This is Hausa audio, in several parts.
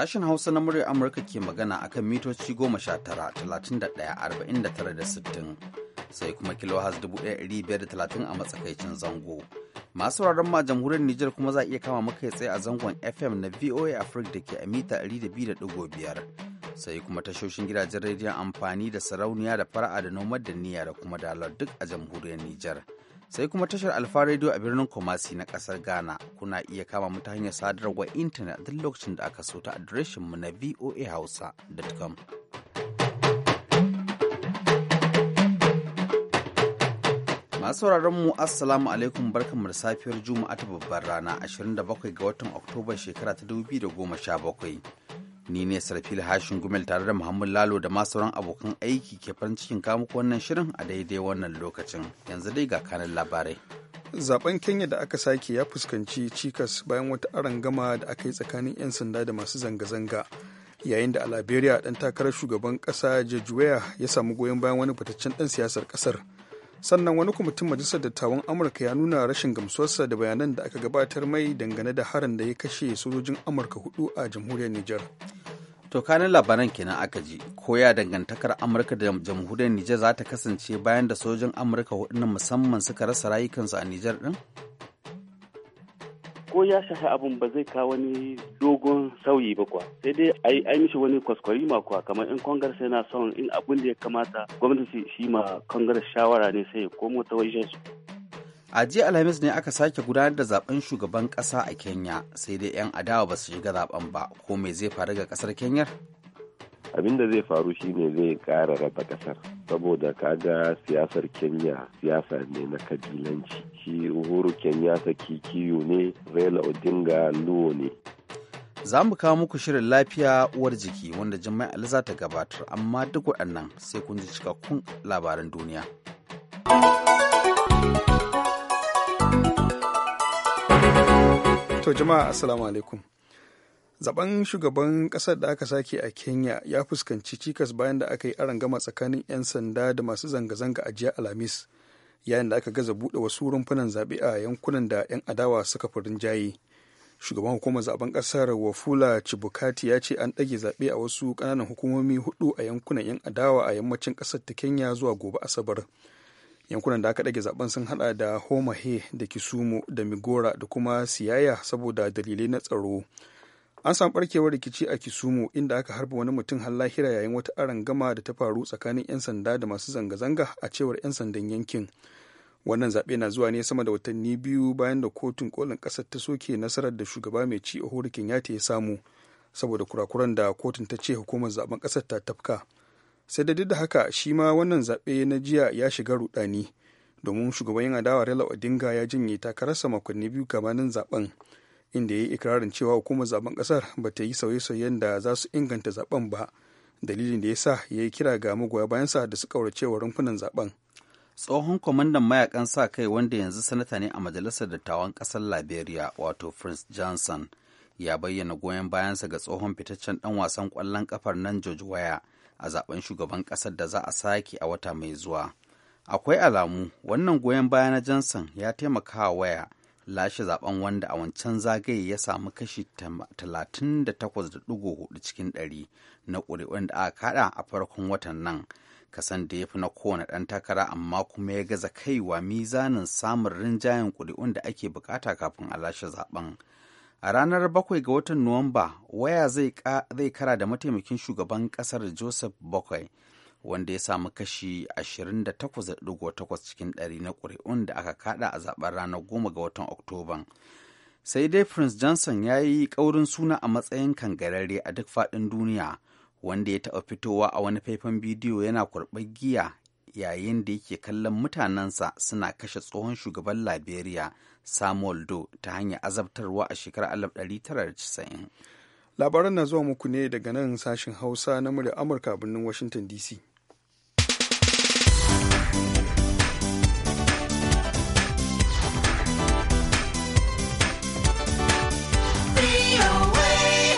Sashen Hausa na muryar Amurka ke magana a kan mitoci goma sha tara, talatin sittin, sai kuma kilohaz 1530 a matsakaicin zango. Masu sauraron ma jamhuriyar Nijar kuma za a iya kama maka tsaye a zangon FM na VOA Africa da ke a mita ɗari Sai kuma tashoshin gidajen rediyon amfani da sarauniya da fara'a da nomad da niyya da kuma dalar duk a jamhuriyar Nijar. sai kuma tashar Alfa Radio a birnin Kumasi na kasar Ghana. Kuna iya kama mu ta hanyar sadarwar intanet duk lokacin da aka so ta adireshin mu na hausa.com Masu sauraron mu Assalamu alaikum barkanmu da safiyar Juma'a ta babbar rana 27 ga watan Oktoba shekara ta 2017. ni ne sarfil hashin gumel tare da muhammad lalo da ma sauran abokan aiki ke farin cikin kamuku wannan shirin a daidai wannan lokacin yanzu dai ga kanan labarai zaben kenya da aka sake ya fuskanci cikas bayan wata arangama da aka yi tsakanin 'yan sanda da masu zanga-zanga yayin da a liberia dan takarar shugaban kasa jejuwaya ya samu goyon bayan wani fitaccen dan siyasar kasar sannan wani kwamitin majalisar dattawan amurka ya nuna rashin gamsuwarsa da bayanan da aka gabatar mai dangane da harin da ya kashe sojojin amurka hudu a jamhuriyar niger. to kanin labaran kenan aka ji ko ya dangantakar amurka da jamhuriyar niger za ta kasance bayan da sojojin amurka hudu na musamman suka rasa rayukansu a niger din ko ya shafi abin ba zai kawo wani dogon sauyi ba kwa sai dai a yi mishi wani kwaskwari ma kwa kamar in congress yana son in abin da ya kamata gwamnati shi ma shawara ne sai ya mota ta wajen su a jiya alhamis ne aka sake gudanar da zaben shugaban kasa a kenya sai dai 'yan adawa ba su shiga zaben ba ko mai zai faru ga kasar kenya abin da zai faru shine zai kara raba kasar saboda kaga siyasar kenya siyasa ne na kabilanci ki uhuru kenyatta kiyu ne raila odinga luo ne za mu kawo muku shirin lafiya uwar jiki wanda jimai za ta gabatar amma duk waɗannan sai kun ji cikakkun labaran duniya to jama'a assalamu alaikum zaben shugaban ƙasar da aka sake a kenya ya fuskanci cikas bayan da aka yi gama tsakanin 'yan sanda da masu zanga-zanga a jiya alhamis yayin da aka gaza buɗe wasu rumfunan zaɓe a yankunan da 'yan adawa suka fi rinjaye shugaban hukumar zaben ƙasar wafula chibukati ya ce an ɗage zaɓe a wasu ƙananan hukumomi hudu a yankunan 'yan adawa a yammacin ƙasar ta kenya zuwa gobe asabar yankunan da aka ɗage zaben sun hada da homahe da kisumu da migora da kuma siyaya saboda dalilai na tsaro an samu barkewar rikici a kisumu inda aka harba wani mutum har lahira yayin wata aron gama da ta faru tsakanin 'yan sanda da masu zanga-zanga a cewar 'yan sandan yankin wannan zaɓe na zuwa ne sama da watanni biyu bayan da kotun kolin ƙasar ta soke nasarar da shugaba mai ci uhuru kenyatta ya ta samu saboda kurakuran da kotun ta ce hukumar zaben ƙasar ta tafka sai da duk da haka shi ma wannan zaɓe na jiya ya shiga rudani domin shugaban yan adawa raila odinga ya janye takararsa makonni biyu gabanin zaben inda ya yi ikirarin cewa hukumar zaben kasar ba ta yi sauye-sauyen da za su inganta zaben ba dalilin da ya sa ya yi kira ga magoya bayansa da su kaura cewa rumfunan zaben tsohon kwamandan mayakan sa kai wanda yanzu sanata ne a majalisar dattawan kasar liberia wato prince johnson ya bayyana goyon bayansa ga tsohon fitaccen dan wasan kwallon kafar nan george waya a zaben shugaban kasar da za a sake a wata mai zuwa akwai alamu wannan goyon baya na johnson ya taimaka waya lashe zaben wanda a wancan zagaye ya samu kashi 38.4 cikin 100 na ƙuri'un da aka kada a farkon watan nan kasan da ya fi na kowane ɗan takara amma kuma ya gaza kaiwa mizanin samun rinjayen ƙuri'un da ake bukata kafin a lashe zaben a ranar bakwai ga watan nuwamba waya zai kara da mataimakin shugaban ƙasar joseph bakwai wanda ya samu kashi 28.8 cikin ɗari na ƙuri'un da aka kada a zaɓen ranar 10 ga watan Oktoban. Sai dai Prince Johnson ya yi ƙaurin suna a matsayin kangararre a duk faɗin duniya, wanda ya taɓa fitowa a wani faifan bidiyo yana kurɓar giya yayin da yake kallon mutanensa suna kashe tsohon shugaban Liberia Samuel Doe ta hanyar azabtarwa a shekarar 1990. Labaran na zuwa muku ne daga nan sashen Hausa na murya Amurka birnin Washington DC.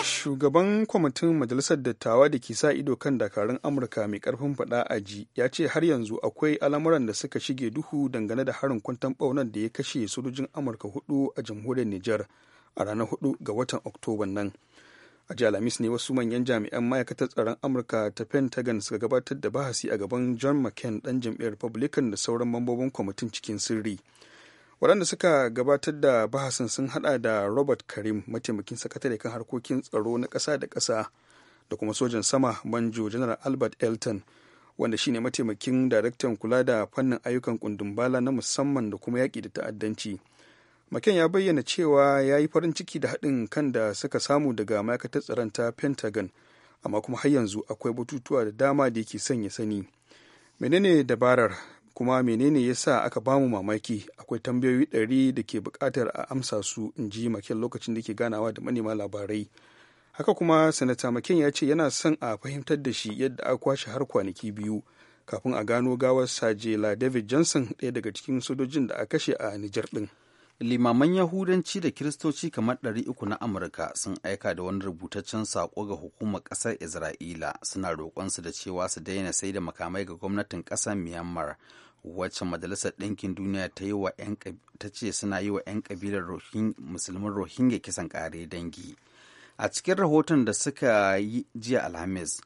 shugaban kwamitin majalisar dattawa da ke sa ido kan dakarun amurka mai karfin faɗa a ji ya ce har yanzu akwai al'amuran da suka shige duhu dangane da harin kwantan ɓaunar da ya kashe sojojin amurka hudu a jamhuriyar nijar a ranar hudu ga watan oktoban nan a jiya alhamis ne wasu manyan jami'an ma'aikatar tsaron amurka ta pentagon suka gabatar da bahasi a gaban john mccain dan jam'iyyar republican da sauran mambobin kwamitin cikin sirri waɗanda suka gabatar da bahasin sun hada da robert karim mataimakin sakatare kan harkokin tsaro na ƙasa da ƙasa da kuma sojan sama banjo janar albert elton wanda shine mataimakin daraktan kula da fannin ayyukan kundin bala na musamman da kuma yaƙi da ta'addanci maken ya bayyana cewa ya yi farin ciki da haɗin kan da suka samu daga ma'aikatar tsaron ta pentagon amma kuma har yanzu akwai batutuwa da dama da yake sanya sani menene dabarar kuma menene ya sa aka bamu mamaki akwai tambayoyi ɗari da ke buƙatar a amsa su in ji maken lokacin da ke ganawa da manema labarai haka kuma sanata maken ya ce yana son a fahimtar da shi yadda aka kwashe har kwanaki biyu kafin a gano gawar sajela david johnson ɗaya daga cikin sojojin da a kashe a nijar ɗin limaman yahudanci da kiristoci kamar ɗari uku na amurka sun aika da wani rubutaccen saƙo ga hukumar ƙasar isra'ila suna roƙonsu da cewa su daina sai da makamai ga gwamnatin ƙasar myanmar wacce majalisar ɗinkin duniya ta yi wa ta ce suna yi wa 'yan ƙabilar musulmin rohingya kisan ƙare dangi a cikin rahoton da suka yi jiya alhamis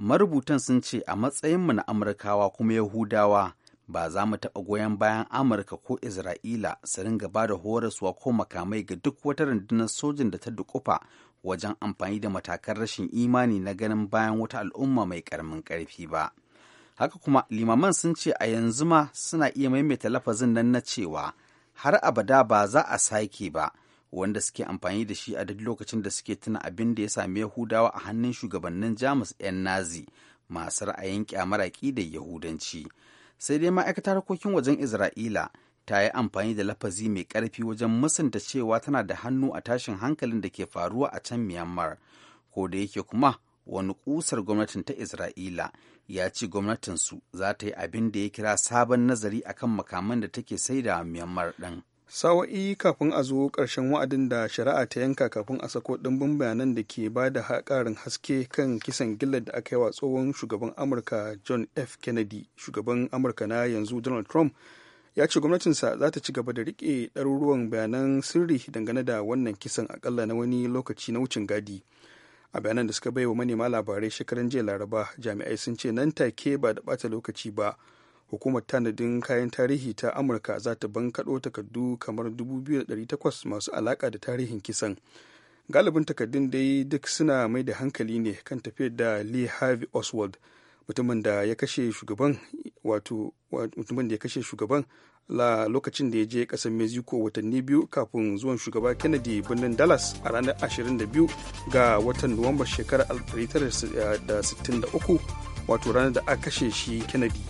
marubutan sun ce a matsayinmu na amurkawa kuma yahudawa ba za mu taɓa goyon bayan amurka ko isra'ila su ringa ba da horaswa ko makamai ga duk wata rundunar sojin da ta dukufa wajen amfani da matakan rashin imani na ganin bayan wata al'umma mai karamin karfi ba haka kuma limaman sun ce a yanzu ma suna iya maimaita lafazin nan na cewa har abada ba za a sake ba wanda suke amfani da shi a duk lokacin da suke tuna abin da ya sami yahudawa a hannun shugabannin jamus 'yan nazi masu ra'ayin kyamaraƙi da yahudanci sai dai ma'aikatar harkokin wajen isra'ila ta yi amfani da lafazi mai ƙarfi wajen musanta cewa tana da hannu a tashin hankalin da ke faruwa a can myanmar ko da yake kuma wani kusar gwamnatin ta isra'ila ya ce gwamnatinsu za ta yi abin da ya kira sabon nazari akan makaman da take saida myanmar ɗin sawa'i kafin a zo ƙarshen wa'adin da shari'a ta yanka kafin a sako ɗimbin bayanan da ke ba da ƙarin haske kan kisan gillar da aka yi wa tsohon shugaban amurka john f kennedy shugaban amurka na yanzu donald trump ya ce gwamnatinsa za ta ci gaba da riƙe ɗaruruwan bayanan sirri dangane da wannan kisan akalla na wani lokaci na wucin gadi a bayanan da suka bai wa manema labarai shekaran jiya laraba jami'ai sun ce nan take ba da ɓata lokaci ba hukumar tanadin kayan tarihi ta amurka za ta bankaɗo takardu kamar 2,800 masu alaƙa da tarihin kisan galibin takardun dai duk suna mai da hankali ne kan tafiyar da lee harvey oswald mutumin da ya kashe shugaban wato mutumin da ya kashe shugaban la lokacin da ya je kasar mexico watanni biyu kafin zuwan shugaba kennedy birnin dallas a ranar 22 ga watan nuwamba shekarar 1963 wato ranar da aka kashe shi kennedy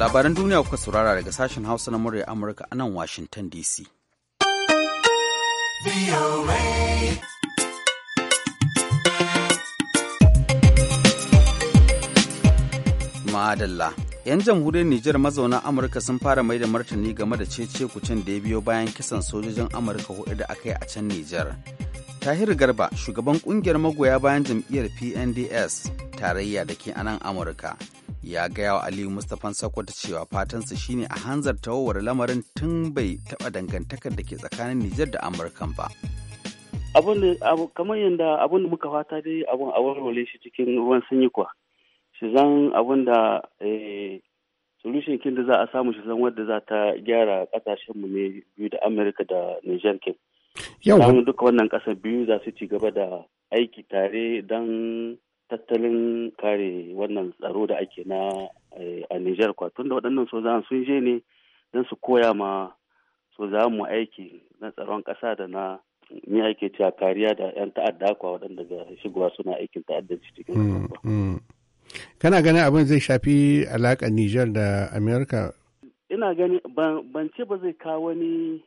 labaran duniya kuka saurara daga sashen hausa na murya amurka a nan washington dc madalla 'yan jamhuriyar Nijar mazauna Amurka sun fara mai da martani game da cece kucin da ya biyo bayan kisan sojojin Amurka hudu da aka yi a can Nijar. Tahir Garba, shugaban kungiyar magoya bayan jam'iyyar PNDS tarayya da ke anan Amurka, ya gaya wa aliyu mustapha Sokoto cewa fatansa shine a hanzarta tawowar lamarin tun bai taba dangantakar da ke tsakanin nijar da amurkan ba abu kamar yadda abin da muka fata dai abin a warware shi cikin ruwan sanyi kuwa shi zan abun da eh, solution kin da za a samu shi zan wadda za ta gyara kasashen mu ne biyu da amurka da niger kin yau duka wannan kasar biyu za su ci gaba da aiki tare don tattalin kare wannan tsaro da ake na eh, a Nijar kwatun da waɗannan sojan sun je ne don su koya ma sojan mu aiki na tsaron ƙasa da na ni ake cewa kariya da 'yan ta'adda kwa waɗanda ga shigowa suna aikin ta'addanci cikin mm, mm. kana ganin abin zai shafi alaƙa Nijar da Amerika? Ina gani ban ce ba zai kawo wani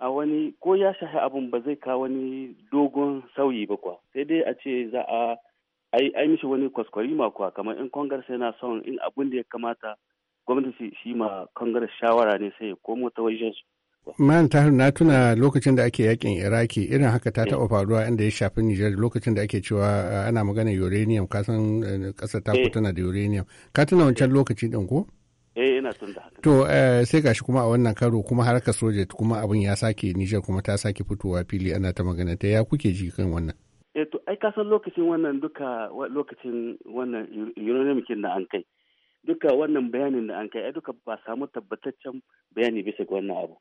a wani ko ya shahi abun ba zai kawo wani dogon sauyi ba kuwa sai dai a ce za a ai mishi wani kwaskwarima kwa kamar in congress yana son in abun da ya kamata gwamnati shi ma congress shawara ne sai ya komo ta wajen su Man Tahir na tuna lokacin da ake yakin Iraki irin haka ta taɓa eh. faruwa inda ya shafi Nijar lokacin da ake cewa eh, ana magana uranium kasan eh, ƙasar ta tana da uranium. Ka tuna wancan lokaci din ko? eh ina son da haka to eh, sai gashi kuma a wannan karo kuma harka soja kuma abin ya sake Nijar kuma ta sake fitowa fili ana ta magana ta ya kuke ji kan wannan eh to ai kasan lokacin wannan duka lokacin wannan yuronimikin da an kai duka wannan bayanin da an kai ai duka ba samu tabbataccen bayani bisa ga wannan abu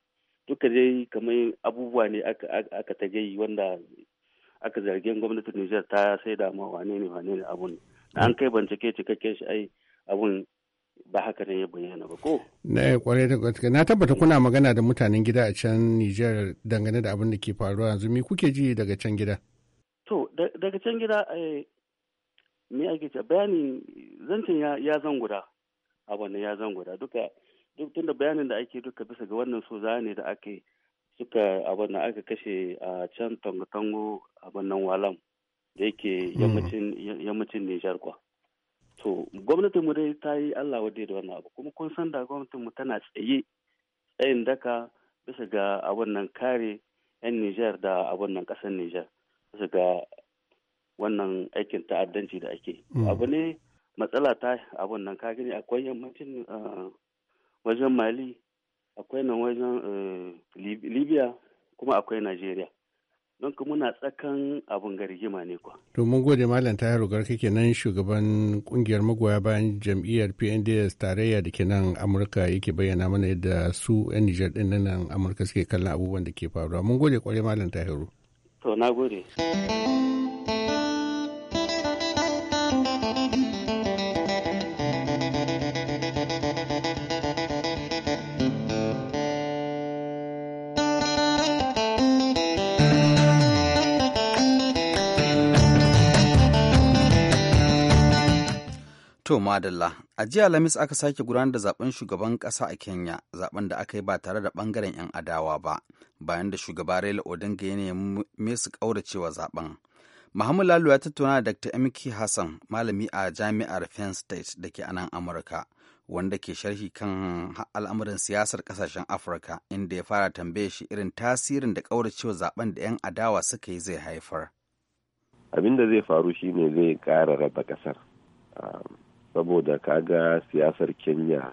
duka dai kamar abubuwa ne aka ta gai wanda aka zargin gwamnatin Nijar ta sai da ma wane ne wane ne abun an kai bincike cikakken shi ai abun ba haka ne ya bayyana ba ko? Na kwarai da gaske na tabbata kuna magana da mutanen gida a can Nijar dangane da abin da ke faruwa yanzu me kuke ji daga can gida? To daga can gida eh, me ake ce bayanin zancen ya zan guda abin ya zan guda duka duk tunda bayanin da ake duka bisa ga wannan so ne da ake suka abin da aka kashe a can tango tango abin nan walam da yake hmm. yammacin Nijar kwa. to gwamnatinmu dai ta yi allah wadai da wannan abu kuma kun san da gwamnatinmu tana tsaye tsayin daka bisa ga abun nan kare 'yan nijar da abun nan kasar nijar bisa ga wannan aikin ta'addanci da ake mm. abu ne matsala ta abun nan ka gani akwai yammacin ah, wajen mali akwai nan wajen eh, libya kuma akwai najeriya don muna tsakan abin garigima ne kuwa. To gode Malam Tahiru Garka kenan shugaban kungiyar magoya bayan jam'iyyar PNDS tarayya da ke nan Amurka yake bayyana mana yadda su 'yan Nijar ɗin nan Amurka suke kallon abubuwan da ke faruwa. Mun gode kwarai Malam Tahiru. To na gode. To madalla, a jiya alhamis aka sake gudanar da zaben shugaban ƙasa a Kenya, zaben da aka yi ba tare da bangaren 'yan adawa ba, bayan da shugaba Raila Odinga ya nemi su ƙauracewa zaben. Muhammad lalu ya tattauna da Dr. MK Hassan, malami a Jami'ar Penn State da ke anan Amurka, wanda ke sharhi kan al'amuran siyasar kasashen Afirka, inda ya fara tambaye shi irin tasirin da ƙauracewa zaben da 'yan adawa suka yi zai haifar. Abin da zai faru shine zai ƙara raba kasar. saboda ka ga siyasar kenya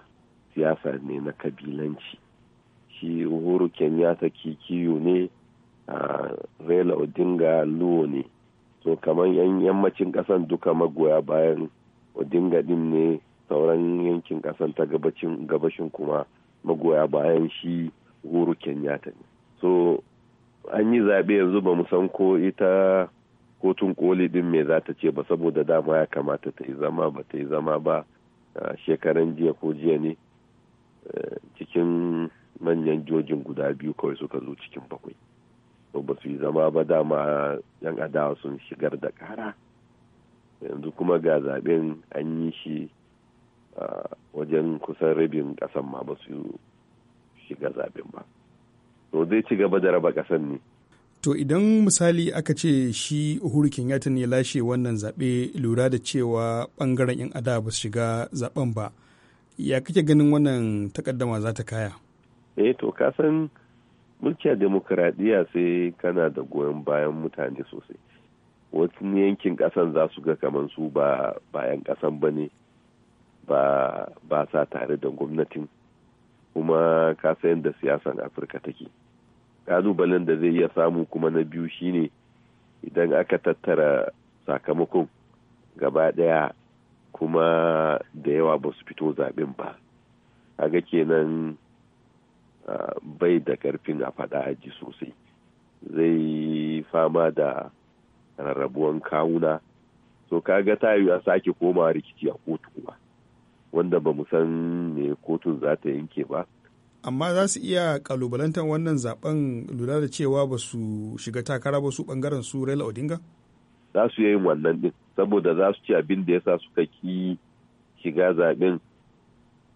siyasa ne na kabilanci shi uhuru kenyatta kikiyu ne a raila odinga luwo ne so kamar yan yammacin kasan duka magoya bayan odinga din ne sauran yankin kasan ta gabashin kuma magoya bayan shi uhuru kenyatta ne so an yi zaɓe yanzu ba san ko ita kotun koli din me za ta ce ba saboda dama ya kamata ta yi zama ba ta yi zama ba shekaran jiya ko jiya ne cikin manyan jojin guda biyu kawai suka zo cikin bakwai to ba su yi zama ba dama yan adawa sun shigar da kara yanzu kuma ga zaben an yi shi wajen kusan rabin kasan ma ba su shiga zaben ba to zai ci gaba da raba kasan ne to idan misali aka ce shi uhuru kenyatta ne lashe wannan zaɓe lura da cewa ɓangaren 'yan ada ba su shiga zaɓen ba ya kake ganin wannan takaddama za ta kaya eh to kasan san mulki demokuraɗiyya sai kana da goyon bayan mutane sosai wasu yankin ƙasan za su ga kamar su ba bayan ƙasan ba ne ba sa tare da gwamnatin kuma ka yadda siyasan afirka take kalubalen da zai iya samu kuma na biyu shine idan aka tattara sakamakon gaba daya kuma da yawa ba su fito zaɓen ba kaga kenan bai da ƙarfin a faɗa aji sosai zai fama da rarrabuwan kawuna so kaga ta yi a sake komawa rikici a kotu kuma wanda ba san me kotun za ta yanke ba amma za su iya kalubalantar wannan zaben lura da cewa ba su shiga takara ba su bangaren su Raila Odinga? Za su yi wannan din saboda za su ci abin da ya sa suka ki shiga zaben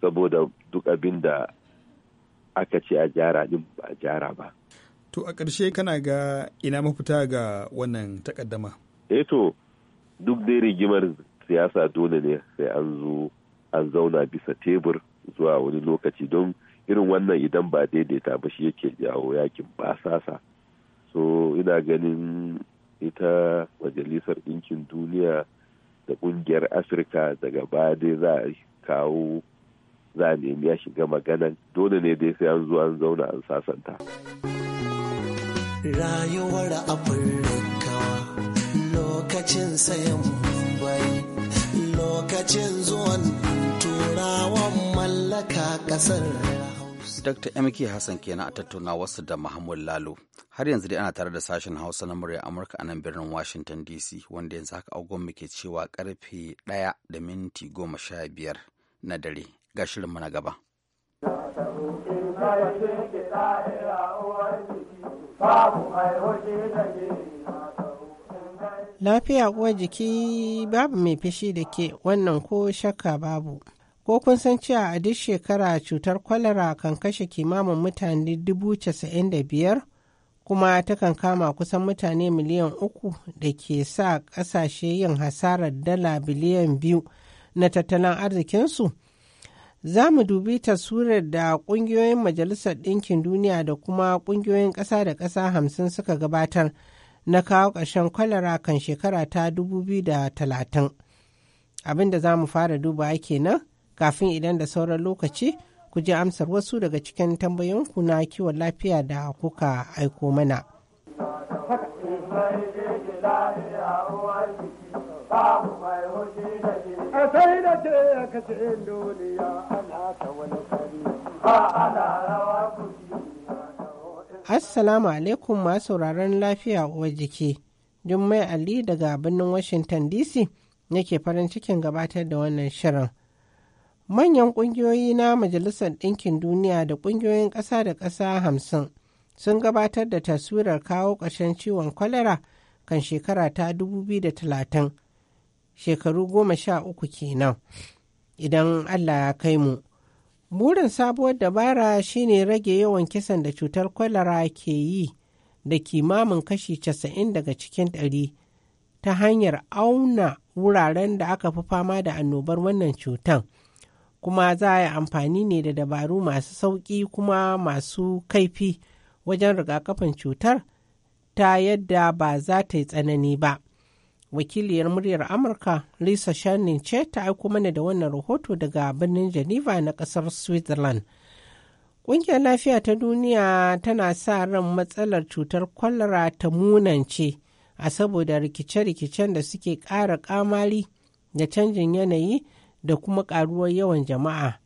saboda duk abin da aka ce a jara din ba a jara ba. To a ƙarshe kana ga ina mafita ga wannan takaddama? Eh to duk dai rigimar siyasa dole ne sai an zo an zauna bisa tebur zuwa wani lokaci don irin wannan idan ba daidaita ba shi yake jawo yakin basasa so ina ganin ita majalisar ɗinkin duniya da ƙungiyar afirka daga baya dai za a kawo za a nemi ya shiga maganan dole ne dai sai an zo an zauna an sasanta rayuwar afirka lokacin sayan mumbai lokacin zuwan turawan mallaka kasar. Dr. MK Hassan kenan a wasu da Mahmud Lalo. Har yanzu dai ana tare da sashen Hausa na murya Amurka a nan birnin Washington DC wanda yanzu haka agon muke cewa karfe ɗaya da minti goma sha biyar na dare ga shirinmu na gaba. Lafiya uwar jiki babu mai fishi da ke wannan ko shakka babu. Ko kun san cewa a duk shekara cutar kwalara kan kashe kimamin mutane dubu casa'in da biyar kuma takan kama kusan mutane miliyan uku da ke sa ƙasashe yin hasarar dala biliyan biyu na tattalin arzikinsu? Za mu dubi taswirar da ƙungiyoyin Majalisar Ɗinkin Duniya da kuma ƙungiyoyin ƙasa da ƙasa hamsin suka gabatar na kawo ƙarshen kwalara kan shekara ta 2030. Abin da za mu fara duba kenan. kafin idan da sauran lokaci ku ji amsar wasu daga cikin tambayoyinku na kiwon lafiya da kuka aiko mana. Assalamu alaikum masu sauraron lafiya uwar jiki. Jummai Ali daga birnin Washington DC nake farin cikin gabatar da wannan shirin. manyan ƙungiyoyi na majalisar ɗinkin duniya da ƙungiyoyin ƙasa da ƙasa hamsin sun gabatar da taswirar kawo ƙarshen ciwon kwalara kan shekara ta 2030 shekaru goma sha uku kenan idan allah ya kai mu burin sabuwar dabara shine rage yawan kisan da cutar kwalara ke yi da kimamin kashi casa'in daga cikin ɗari ta hanyar auna wuraren da aka fi fama da annobar wannan cutan. kuma za a yi amfani ne da dabaru masu sauƙi kuma masu kaifi wajen rigakafin cutar ta yadda ba za ta yi tsanani ba. Wakiliyar muryar Amurka Lisa Shannon ce ta aiko mana da wannan rahoto daga birnin Geneva na ƙasar Switzerland. Ƙungiyar Lafiya ta Duniya tana sa ran matsalar cutar kwalara ta munance a saboda rikice-rikicen da suke ƙara ƙamari da canjin yanayi da kuma ƙaruwar yawan jama'a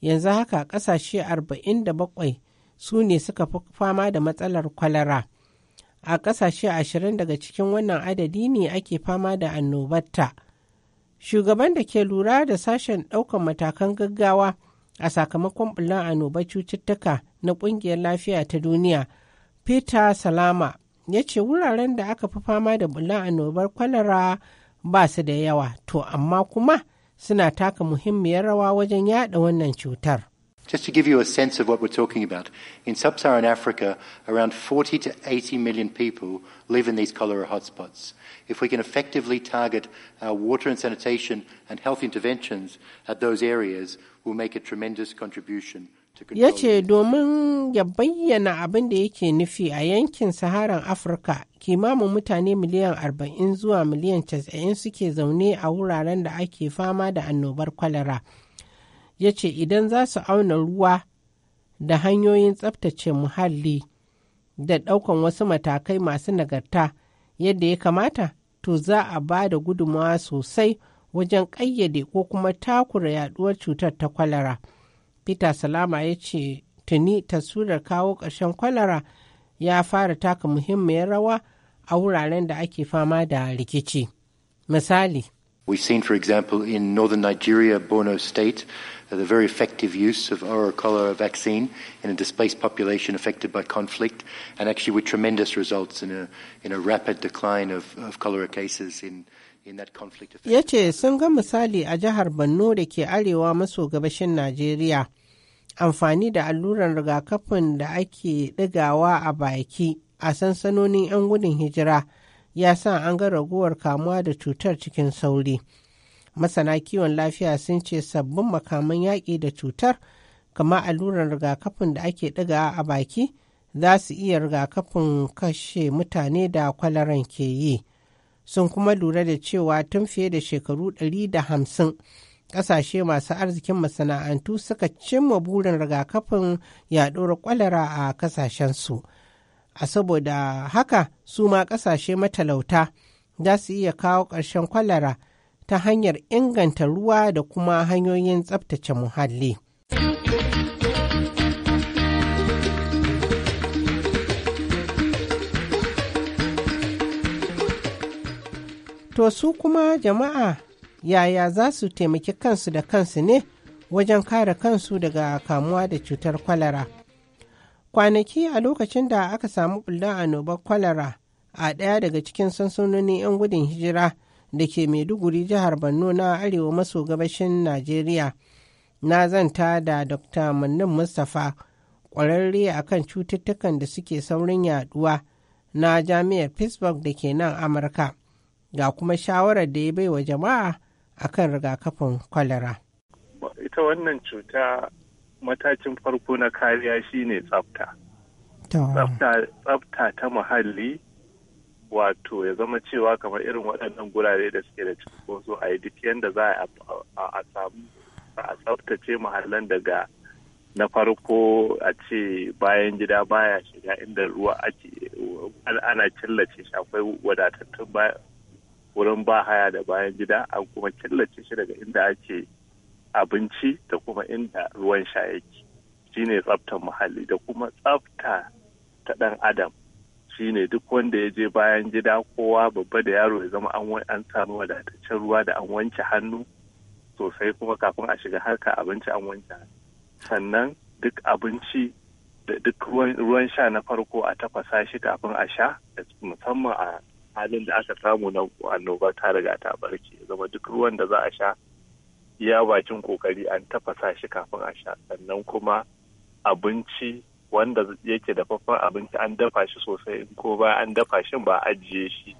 yanzu haka ƙasashe 47 su ne suka fi fama da matsalar kwalara a ƙasashe 20 daga cikin wannan adadi ne ake fama da annobarta shugaban da ke lura da sashen ɗaukar matakan gaggawa a sakamakon bulan annobar cututtuka na ƙungiyar lafiya ta duniya peter salama ya ce wuraren da aka fi fama da bulan annobar kwalara ba su da yawa to amma kuma suna taka muhimmiyar rawa wajen yada wannan cutar. Just to give you a sense of what we're talking about, in sub Saharan Africa, around 40 to 80 million people live in these cholera hotspots. If we can effectively target our uh, water and sanitation and health interventions at those areas, we'll make a tremendous contribution. ya ce domin ya bayyana abin da yake nufi a yankin saharan afirka kimamin mutane miliyan 40 zuwa miliyan 90 suke zaune a wuraren da ake fama da annobar kwalara ya ce idan za su auna ruwa da hanyoyin tsabtace muhalli da ɗaukan wasu matakai masu nagarta yadda ya kamata to za a ba da gudunmawa sosai wajen ƙayyade ko kuma takura yaduwar cutar ta kwalara. peter salama ya ce tuni taswirar kawo ƙarshen kwalara ya fara taka muhimmiyar rawa a wuraren da ake fama da rikici misali We've seen, for example, in northern Nigeria, Borno State, uh, the very effective use of oral cholera vaccine in a displaced population affected by conflict, and actually with tremendous results in a, in a rapid decline of, of cholera cases in. Ya ce sun ga misali a jihar Borno da ke arewa maso gabashin Najeriya. Amfani da alluran rigakafin da ake ɗigawa a baki a sansanonin 'yan gudun hijira ya sa an ga raguwar kamuwa da cutar cikin sauri. Masana kiwon lafiya sun ce sabbin makaman yaƙi da cutar kama alluran rigakafin da ake ɗigawa a baki za su iya rigakafin kashe mutane da kwalaran ke yi. sun kuma lura da cewa tun fiye da shekaru 150 ƙasashe masu arzikin masana'antu suka cimma burin rigakafin yaɗuwar kwalara a ƙasashensu. A saboda haka su ma ƙasashe matalauta za su iya kawo ƙarshen kwalara ta hanyar inganta ruwa da kuma hanyoyin tsabtace muhalli. To su kuma jama'a yaya za su taimaki kansu da kansu ne wajen kare kansu daga kamuwa da cutar kwalara. Kwanaki a lokacin da aka samu bullar annobar kwalara a ɗaya daga cikin sansanonin 'yan gudun hijira da ke Maiduguri jihar Borno na arewa maso gabashin Najeriya. Na zanta da Dr. mannan Mustapha ƙwararre akan cututtukan da suke saurin yaduwa na jami'ar Pittsburgh da ke nan Amurka. ga kuma shawarar da ya bai wa jama'a akan rigakafin kwalara. Ita wannan cuta matakin farko na kariya shine tsafta. Tsafta ta muhalli wato ya zama cewa kamar irin waɗannan gurare da suke da cikin a yi duk yadda za a samu a tsaftace muhallan daga na farko a ce bayan gida baya shiga inda ruwa ake ana killace shi akwai wadatattun wurin ba haya da bayan gida an kuma killace shi daga inda ake abinci da kuma inda ruwan sha yake shine tsaftar muhalli da kuma tsafta ta ɗan adam shine duk wanda ya je bayan gida kowa babba da yaro ya zama an samu wadataccen ruwa da an wanke hannu sosai kuma kafin a shiga harka abinci an wanke sannan duk abinci da duk ruwan sha na farko a tafasa shi kafin a sha musamman a halin da aka samu na annoba ta riga ta barke zama duk ruwan da za a sha ya bakin kokari an tafasa shi kafin a sha sannan kuma abinci wanda yake dafaffen abinci an dafa shi sosai in ko ba an dafa shi ba ajiye shi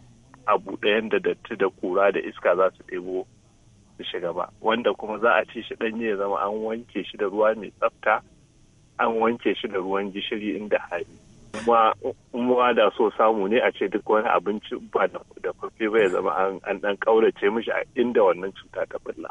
a buɗe yadda datti da kura da iska za su ɗebo su shiga ba wanda kuma za a ci shi ɗanye ya zama an wanke shi da ruwa mai tsafta an wanke shi da ruwan gishiri inda hali kuma kuma da so samu ne a ce duk wani abinci ba da fafe bai zama an dan kaurace mishi a inda wannan cuta ta bulla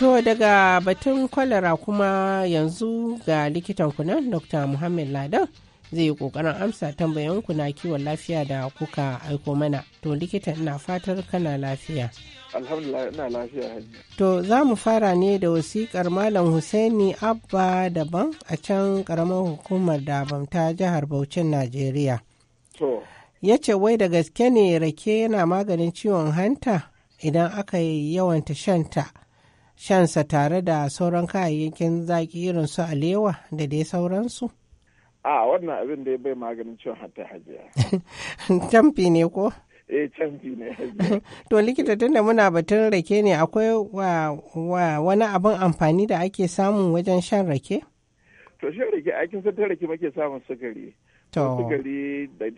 To daga batun kwalara kuma yanzu ga likitan kunan Dr. Muhammad Ladan zai yi kokarin amsa tambayan na kiwon lafiya da kuka aiko mana. To likitan ina fatar kana lafiya. Alhamdulillah ina lafiya To za mu fara ne da wasikar Malam Husaini Abba daban a can karamar hukumar da ta jihar Bauchin Najeriya. To. Ya ce wai da gaske ne rake yana maganin ciwon hanta idan aka yi yawanta shanta. shansa tare da sauran kayayyakin zaki irin su alewa da dai sauransu? A wannan abin da ya bai maganin cin hatta hajiya. Canfi ne ko? Eh canfi ne To likita tunda muna batun rake ne akwai wani abin amfani da ake samun wajen shan rake? To shan rake aikin san rake muke samun sukari. To. Sukari da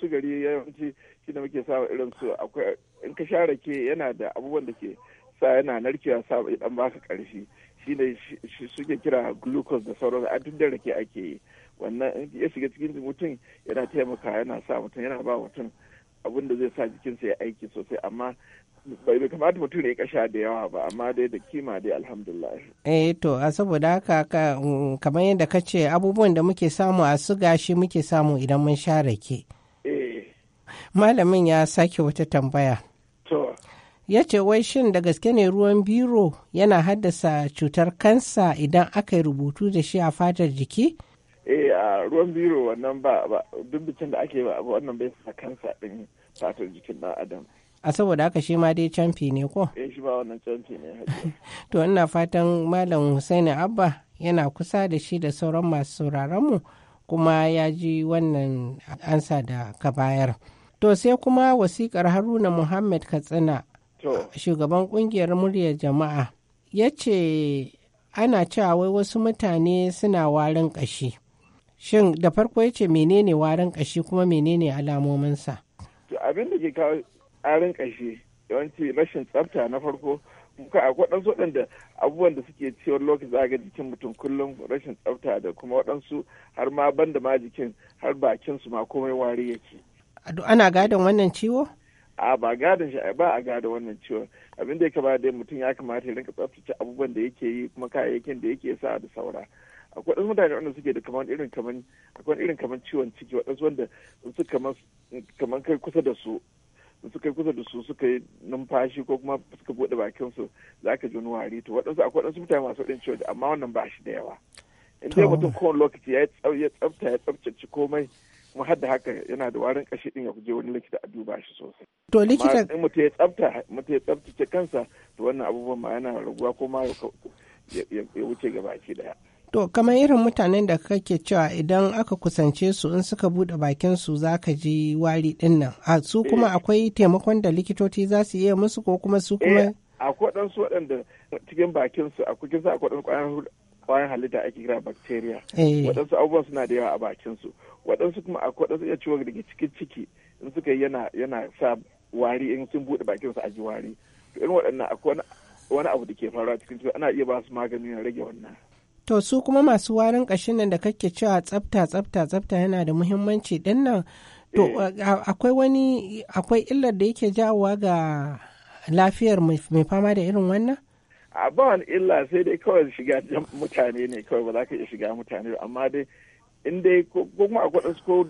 sukari yawanci shi da muke samun irin su akwai in ka sha rake yana da abubuwan da ke sa yana narkewa sa ya dan baka karfi shine shi suke kira glucose da sauran a da rake ake yi wannan ya shiga cikin mutum yana taimaka yana sa mutum yana ba mutum abin da zai sa jikinsa ya aiki sosai amma bai kamata mutum ne kasha da yawa ba amma dai da kima dai alhamdulillah eh to a saboda haka mm, kamar yadda ka ce abubuwan da muke samu a suga shi muke samu idan mun sha rake eh. malamin ya sake wata tambaya ya ce wai shin da gaske ne ruwan biro yana haddasa cutar kansa idan aka yi rubutu da shi a fatar jiki? eh a ruwan biro wannan ba binciken da ake ba wannan bai sa kansa din fatar jikin ɗan adam a saboda haka shi ma dai camfi ne ko? eh shi ba wannan camfi ne to ina fatan malam Hussaini abba yana kusa da shi da sauran masu sauraronmu kuma ya ji wannan ansa da ka bayar to sai kuma wasikar haruna muhammad katsina shugaban kungiyar muryar jama'a ya ce ana cewa wai wasu mutane suna warin kashi shin da farko ya ce menene warin ƙashi kuma menene alamominsa abin da ke kawo warin kashi yawanci rashin tsafta na farko muka akwai waɗansu waɗanda abubuwan da suke ciwon lokaci za jikin mutum kullum rashin tsafta da kuma waɗansu har ma banda ma jikin har bakin su ma komai wari yake ana gadon wannan ciwo a ba gadon shi ba a gada wannan ciwon abin da ya kamata dai mutum ya kamata ya rinka tsaftace abubuwan da yake yi kuma kayayyakin da yake sa da saura akwai wasu mutane wanda suke da kamar irin kamar akwai irin kamar ciwon ciki wadansu wanda su kamar kamar kai kusa da su suka yi kusa da su suka yi numfashi ko kuma suka bude bakin su za ka ji wani wari to waɗansu akwai waɗansu mutane masu ɗin ciwo amma wannan ba shi da yawa in dai mutum kowane lokaci ya tsafta ya tsaftace komai kuma hadda haka yana da warin kashi din ya kuje wani likita a duba shi sosai to likita in mutum ya tsafta mutum ya tsaftace kansa to wannan abubuwan ma yana raguwa ko ma ya wuce baki daya To kamar irin mutanen da kake cewa idan aka kusance su in suka bude bakin su za ka ji wari din nan. A su eh. kuma akwai taimakon da likitoci za su iya musu ko kuma su kuma. Eh, akwai ɗansu waɗanda cikin bakin su akwai kisa akwai waɗansu kwayan halitta ake kira bacteria eh. waɗansu abubuwan suna da yawa a bakin su waɗansu kuma akwai waɗansu iya ciwon daga cikin ciki in suka yi yana yana sa wari in sun buɗe bakin su a ji wari to irin waɗannan akwai wani abu da ke faruwa cikin ciki ana iya ba su magani na rage wannan To su kuma masu warin ƙashin nan da kake cewa tsafta tsafta tsafta yana da muhimmanci din nan. To eh. akwai wani akwai illar da yake jawowa ga lafiyar mai fama da irin wannan? a ba wani illa sai dai kawai shiga mutane ne kawai ba za ka iya shiga mutane amma dai in dai ko kuma akwai ɗansu ko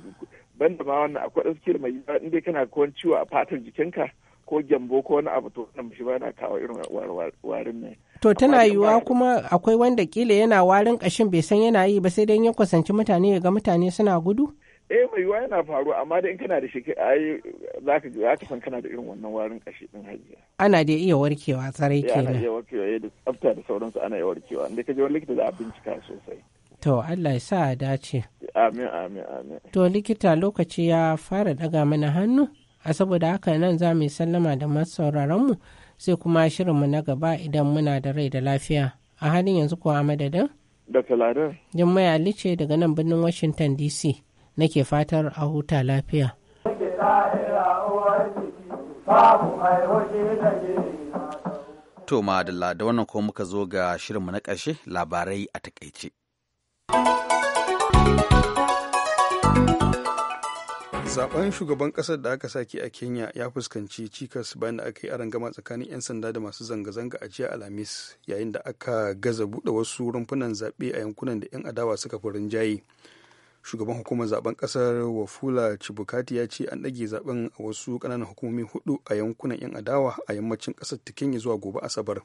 ban da ma wannan akwai ɗansu kila mai yiwuwa in dai kana kowan ciwo a fatar jikinka ko gyambo ko wani abu to wannan shi ba na kawo irin warin ne. To tana yiwuwa kuma akwai wanda kila yana warin kashin bai san yana yi ba sai dai ya kusanci mutane ya ga mutane suna gudu? eh mai yiwuwa yana faruwa amma da in kana da shi ai za ka za ka kana da irin wannan warin kashi din hajiya ana da iya warkewa tsarai ke eh, ana iya warkewa eh, da tsafta da sauransu ana iya warkewa inda ka je wani likita za a bincika sosai to Allah ya sa a dace amin amin amin to likita lokaci ya fara daga mana hannu a saboda haka nan za mu sallama da masauraranmu sai kuma mu na gaba idan muna da rai da lafiya a halin yanzu kuwa a madadin dr ladar jimmai ali ce daga nan birnin washington dc nake fatar a huta lafiya. To madalla da wannan ko muka zo ga shirinmu na ƙarshe labarai a takaice. Zaben shugaban ƙasar da aka sake a Kenya ya fuskanci cikas bayan da aka yi arangama tsakanin 'yan sanda da masu zanga-zanga a jiya Alhamis yayin da aka gaza buɗe wasu rumfunan zaɓe a yankunan da 'yan adawa suka fi rinjaye. jaye. shugaban hukumar zaben kasar wafula chibukati ya ce an ɗage zaben a wasu ƙananan hukumomi hudu a yankunan 'yan adawa a yammacin ƙasar ta kenya zuwa gobe asabar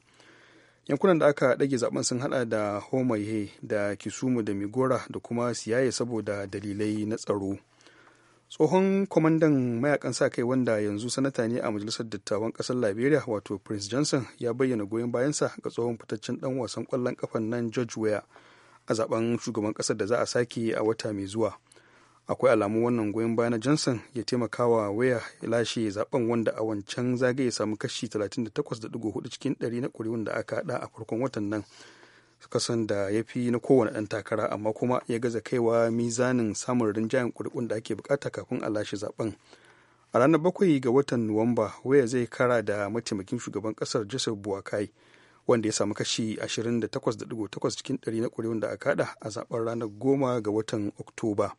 yankunan da aka ɗage zaben sun hada da homaye da kisumu da migora da kuma siyaye saboda dalilai na tsaro tsohon kwamandan mayakan sa kai wanda yanzu sanata ne a majalisar dattawan ƙasar liberia wato prince johnson ya bayyana goyon bayansa ga tsohon fitaccen dan wasan kwallon kafan nan george weah a zaben shugaban ƙasar da za a sake a wata mai zuwa akwai alamu wannan goyon baya na johnson ya taimaka wa waya lashe zaben wanda a wancan zagaye samu kashi 38.4 cikin 100 na kuri'un da aka haɗa a farkon watan nan kasan da ya fi na kowane ɗan takara amma kuma ya gaza kaiwa mizanin samun rinjayen kuri'un da ake bukata kafin a lashe zaben a ranar bakwai ga watan nuwamba waya zai kara da mataimakin shugaban kasar joseph buakai wanda ya samu kashi 28.8 cikin 100 na ƙuri'un da aka haɗa a zaben ranar 10 ga watan Oktoba.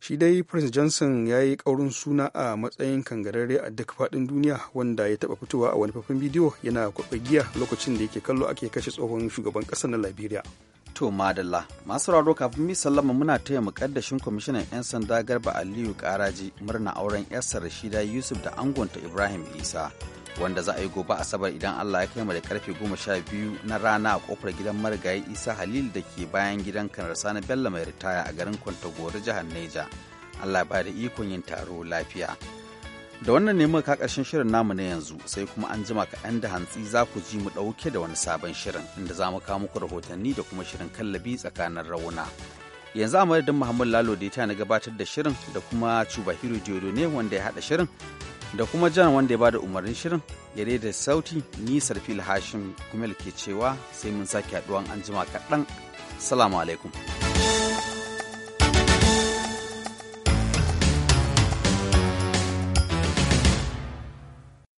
Shi dai Prince Johnson ya yi ƙaurin suna a matsayin kangararre a duk faɗin duniya wanda ya taɓa fitowa a wani faifin bidiyo yana kwaɓa giya lokacin da yake kallo ake kashe tsohon shugaban ƙasa na Liberia. To madalla masu raro kafin mi sallama muna taya mukaddashin kwamishinan 'yan sanda garba Aliyu Karaji murna auren 'yarsa Rashida Yusuf da angonta Ibrahim Isa. wanda za a yi gobe asabar idan Allah ya kai mu da karfe 12 na rana a kofar gidan marigayi Isa Halil da ke bayan gidan kanar Sani Bello mai ritaya a garin Kwantagoro jihar Neja. Allah ba da ikon yin taro lafiya. Da wannan neman muka karshen shirin namu na yanzu sai kuma an jima kaɗan da hantsi za ku ji mu ɗauke da wani sabon shirin inda za mu kawo muku rahotanni da kuma shirin kallabi tsakanin rauna. yanzu a madadin muhammad lalo da ya na gabatar da shirin da kuma cuba hiro ne wanda ya haɗa shirin da kuma jan wanda ya bada umarnin shirin ya da sauti ni sarfil hashim gumel ke cewa sai mun sake haduwan anjima kaɗan salamu alaikum